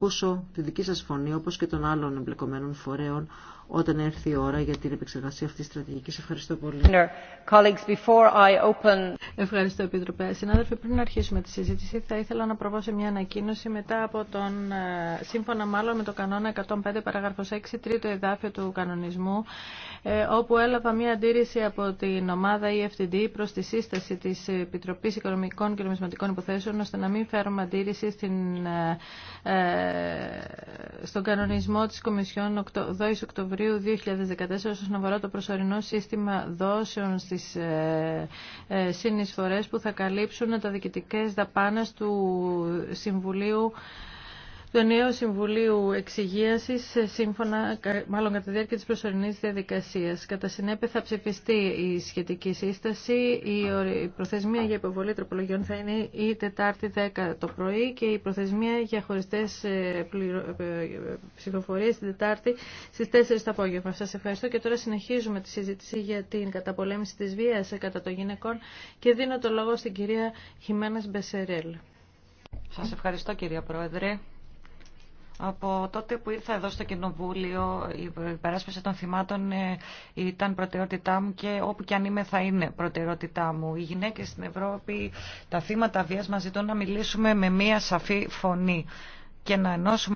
ακούσω τη δική σας φωνή όπως και των άλλων εμπλεκομένων φορέων όταν έρθει η ώρα για την επεξεργασία αυτής της στρατηγικής. Ευχαριστώ πολύ. Ευχαριστώ Επίτροπε. Συνάδελφοι, πριν αρχίσουμε τη συζήτηση θα ήθελα να προβάσω μια ανακοίνωση μετά από τον, ε, σύμφωνα μάλλον με το κανόνα 105 παράγραφος 6 τρίτο εδάφιο του κανονισμού ε, όπου έλαβα μια αντίρρηση από την ομάδα EFTD προς τη σύσταση της επιτροπή Οικονομικών και Νομισματικών Υποθέσεων, ώστε να μην φέρουμε αντίρρηση στην, ε, ε, στον κανονισμό της Κομισιόν 2 Οκτωβρίου 2014 όσον αφορά το προσωρινό σύστημα δόσεων στις συνεισφορέ που θα καλύψουν τα διοικητικές δαπάνε του Συμβουλίου το νέο Συμβουλίου Εξυγίαση, σύμφωνα μάλλον κατά τη διάρκεια τη προσωρινής Διαδικασία. Κατά συνέπεια θα ψηφιστεί η σχετική σύσταση. Η προθεσμία για υποβολή τροπολογιών θα είναι η Τετάρτη 10 το πρωί και η προθεσμία για χωριστέ ε, ε, ψηφοφορίε την Τετάρτη στις 4 το απόγευμα. Σας ευχαριστώ και τώρα συνεχίζουμε τη συζήτηση για την καταπολέμηση τη βία κατά των γυναικών και δίνω το λόγο στην κυρία Χιμένα Μπεσερέλ. Σας ευχαριστώ κυρία Πρόεδρε. Από τότε που ήρθα εδώ στο Κοινοβούλιο, η περάσπιση των θυμάτων ε, ήταν προτεραιότητά μου και όπου και αν είμαι θα είναι προτεραιότητά μου. Οι γυναίκες στην Ευρώπη, τα θύματα βίας μας ζητούν να μιλήσουμε με μία σαφή φωνή και να ενώσουμε